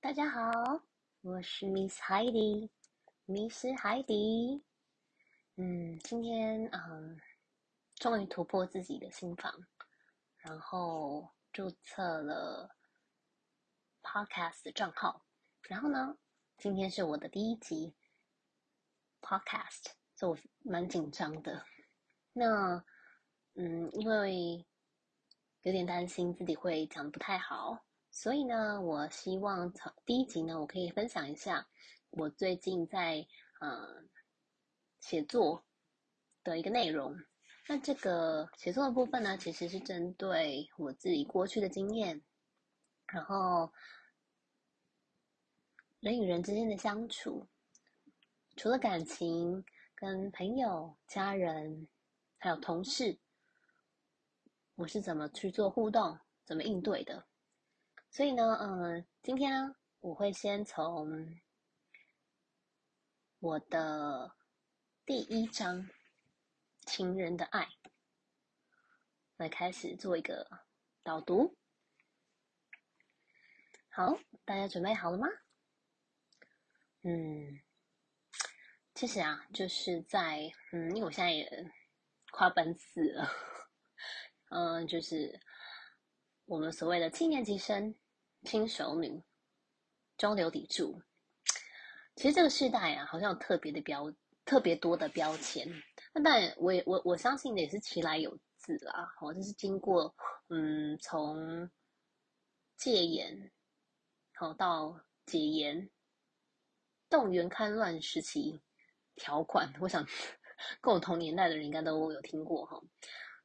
大家好，我是 Miss Heidi，m i s s Heidi, Miss Heidi 嗯，今天嗯終於突破自己的心房，然後註冊了 Podcast 的賬號。然後呢，今天是我的第一集 Podcast，就蠻緊張的。那嗯，因為有點擔心自己會講的不太好。所以呢，我希望第一集呢，我可以分享一下我最近在呃寫作的一個內容。那這個寫作的部分呢，其實是針對我自己過去的經驗，然後人與人之間的相處，除了感情、跟朋友、家人，還有同事，我是怎麼去做互動、怎麼應對的。所以呢，嗯、呃，今天、啊、我會先從我的第一章《情人的愛》來開始做一個導讀。好，大家準備好了嗎？嗯，其實啊，就是在嗯，因為我現在也快奔四了呵呵，嗯，就是我們所謂的七年級生。輕熟女，中流砥柱。其實這個世代啊，好像有特別的標，特別多的標籤。那當然，我也我我相信也是其來有自啦。好，就是經過，嗯，從戒嚴，好到解嚴，動員戡亂時期條款，我想跟我同年代的人應該都有聽過哈。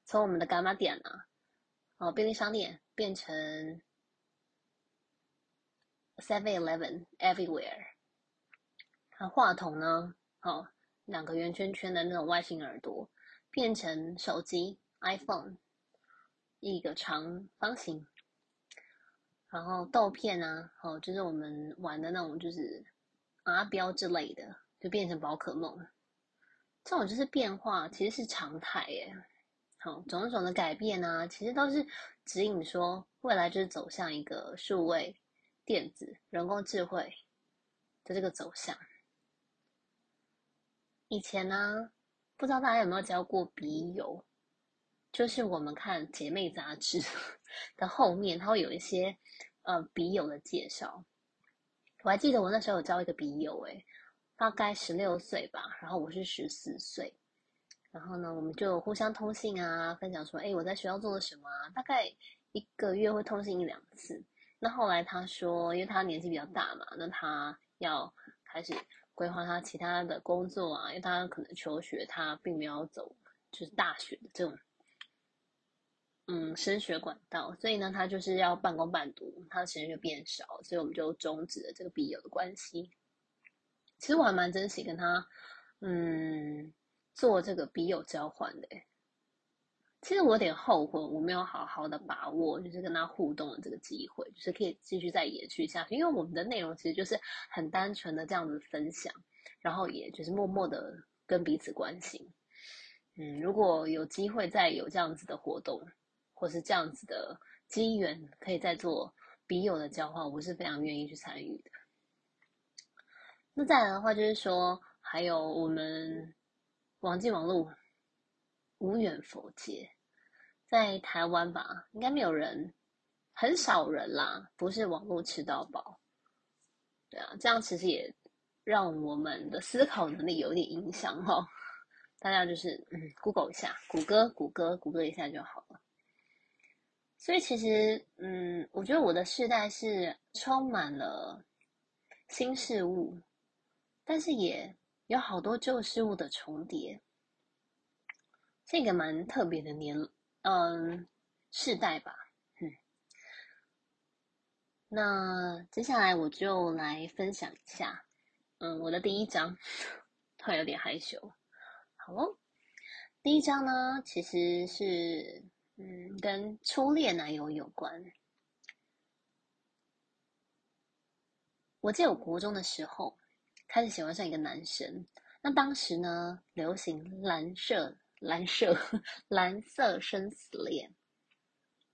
從我們的柑仔店啊，哦便利商店變成。Seven Eleven everywhere。那話筒呢？好、哦，兩個圓圈圈的那種外型耳朵，變成手機 iPhone，一個長方形。然後豆片呢、啊？好、哦，就是我們玩的那種，就是阿彪之類的，就變成寶可夢。這種就是變化，其實是常態耶。好、哦，種種的改變啊，其實都是指引說未來就是走向一個數位。電子、人工智慧的這個走向。以前呢，不知道大家有沒有交過筆友，就是我們看姐妹雜誌的後面，它會有一些呃筆友的介紹。我還記得我那時候有交一個筆友，誒。大概十六歲吧，然後我是十四歲，然後呢，我們就互相通信啊，分享說，哎，我在學校做了什麼啊，大概一個月會通信一兩次。那後來他說，因為他年紀比較大嘛，那他要開始規劃他其他的工作啊，因為他可能求學他並沒有走就是大學的這種，嗯，升學管道，所以呢，他就是要半工半讀，他的時間就變少，所以我們就終止了這個筆友的關係。其實我還蠻珍惜跟他，嗯，做這個筆友交換的。其實我有點後悔，我沒有好好的把握，就是跟他互動的這個機會，就是可以繼續再延續下去。因為我們的內容其實就是很單純的這樣子分享，然後也就是默默的跟彼此關心。嗯，如果有機會再有這樣子的活動，或是這樣子的機緣，可以再做筆友的交換，我是非常願意去參與的。那再來的話，就是說還有我們網際網路無遠弗屆。在台灣吧，應該沒有人，很少人啦，不是網絡吃到飽，對啊，這樣其實也讓我們的思考能力有點影響哦、喔。大家就是嗯，Google 一下，谷歌谷歌谷歌一下就好了。所以其實嗯，我覺得我的世代是充滿了新事物，但是也有好多舊事物的重疊，這個蠻特別的年。嗯，世代吧，哼、嗯。那接下來我就來分享一下，嗯，我的第一張，突然有點害羞了。好，第一張呢，其實是嗯，跟初戀男友有關。我記得我國中的時候，開始喜歡上一個男生，那當時呢，流行藍色。藍色，藍色生死戀，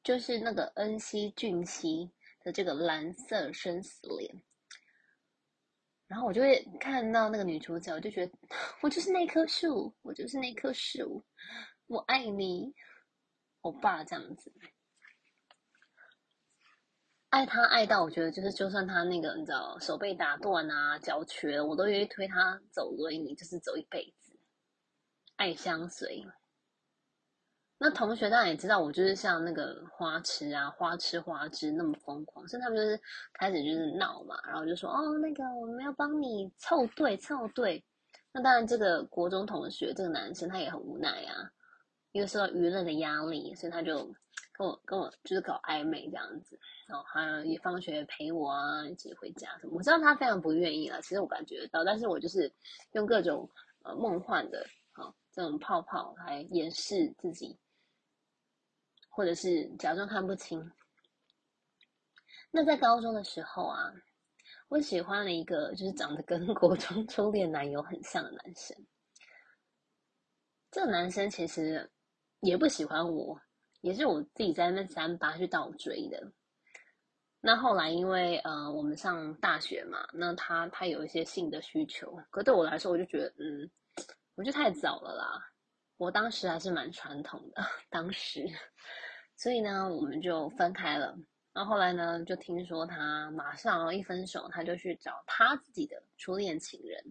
就是那個恩熙、俊熙的這個藍色生死戀。然後我就會看到那個女主角，我就覺得我就是那棵樹，我就是那棵樹，我愛你，歐巴這樣子，愛他愛到我覺得就是，就算他那個你知道手被打斷啊，腳瘸，我都願意推他走輪椅，所以你就是走一輩子。愛相隨。那同學當然也知道，我就是像那個花痴啊，花痴花痴那麼瘋狂，所以他們就是開始就是鬧嘛，然後就說：“哦，那個我們要幫你湊對湊對。對”那當然，這個國中同學，這個男生他也很無奈啊，因為受到輿論的壓力，所以他就跟我跟我就是搞曖昧這樣子，然後也放學陪我啊，一起回家什麼。我知道他非常不願意了，其實我感覺得到，但是我就是用各種呃夢幻的。那種泡泡來掩飾自己，或者是假裝看不清。那在高中的時候啊，我喜歡了一個就是長得跟國中初戀男友很像的男生。這個男生其實也不喜歡我，也是我自己在那三八去倒追的。那後來因為呃，我們上大學嘛，那他他有一些性的需求，可對我來說，我就覺得嗯。我就太早了啦，我當時還是蠻傳統的，當時，所以呢，我們就分開了。然後後來呢，就聽說他馬上一分手，他就去找他自己的初戀情人，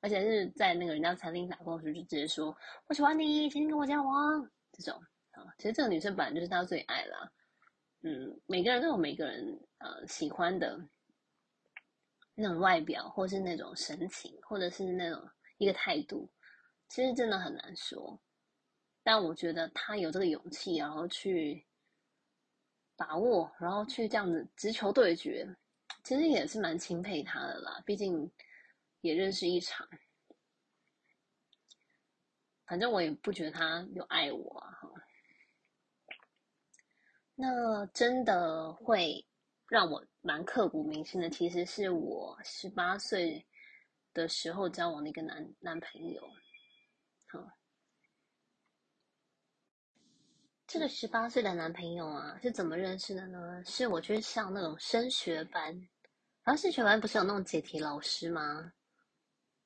而且是在那個人家餐廳打工時，就直接說：“ 我喜歡你，請你跟我交往。”這種啊，其實這個女生本來就是他最愛啦。嗯，每個人都有每個人呃喜歡的那種外表，或是那種神情，或者是那種一個態度。其實真的很難說，但我覺得他有這個勇氣，然後去把握，然後去這樣子直球對決，其實也是蠻欽佩他的啦。畢竟也認識一場，反正我也不覺得他有愛我啊，哈。那真的會讓我蠻刻骨銘心的，其實是我十八歲的時候交往的一個男男朋友。這個十八歲的男朋友啊，是怎麼認識的呢？是我去上那種升學班，然後升學班不是有那種解題老師嗎？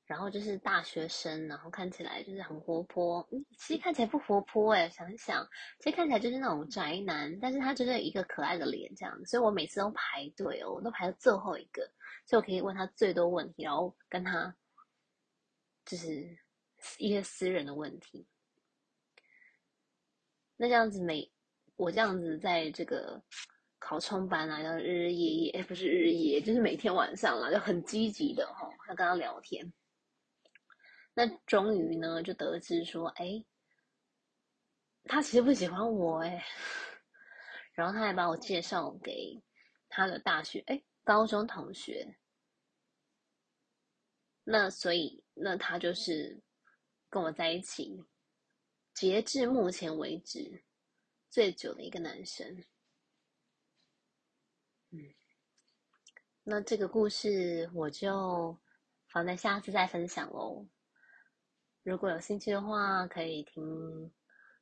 然後就是大學生，然後看起來就是很活潑，其實看起來不活潑哎、欸。想一想，其實看起來就是那種宅男，但是他就是一個可愛的臉這樣，所以我每次都排隊哦，都排到最後一個，所以我可以問他最多問題，然後跟他就是。一些私人的問題。那這樣子每我這樣子在這個考沖班啊，要日日夜夜，欸、不是日夜，就是每天晚上了，就很積極的哈，要跟他聊天。那終於呢，就得知說，哎、欸，他其實不喜歡我誒、欸，然後他還把我介紹給他的大學哎、欸，高中同學。那所以，那他就是。跟我在一起，截至目前為止最久的一個男生。嗯，那這個故事我就放在下次再分享嘍。如果有興趣的話，可以聽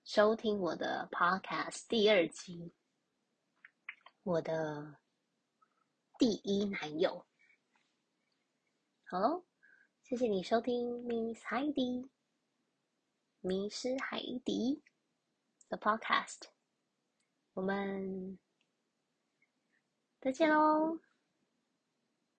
收聽我的 podcast 第二集。我的第一男友。好嘍，謝謝你收聽 Miss Heidi。《迷失海底》的 Podcast，我們再見嘍！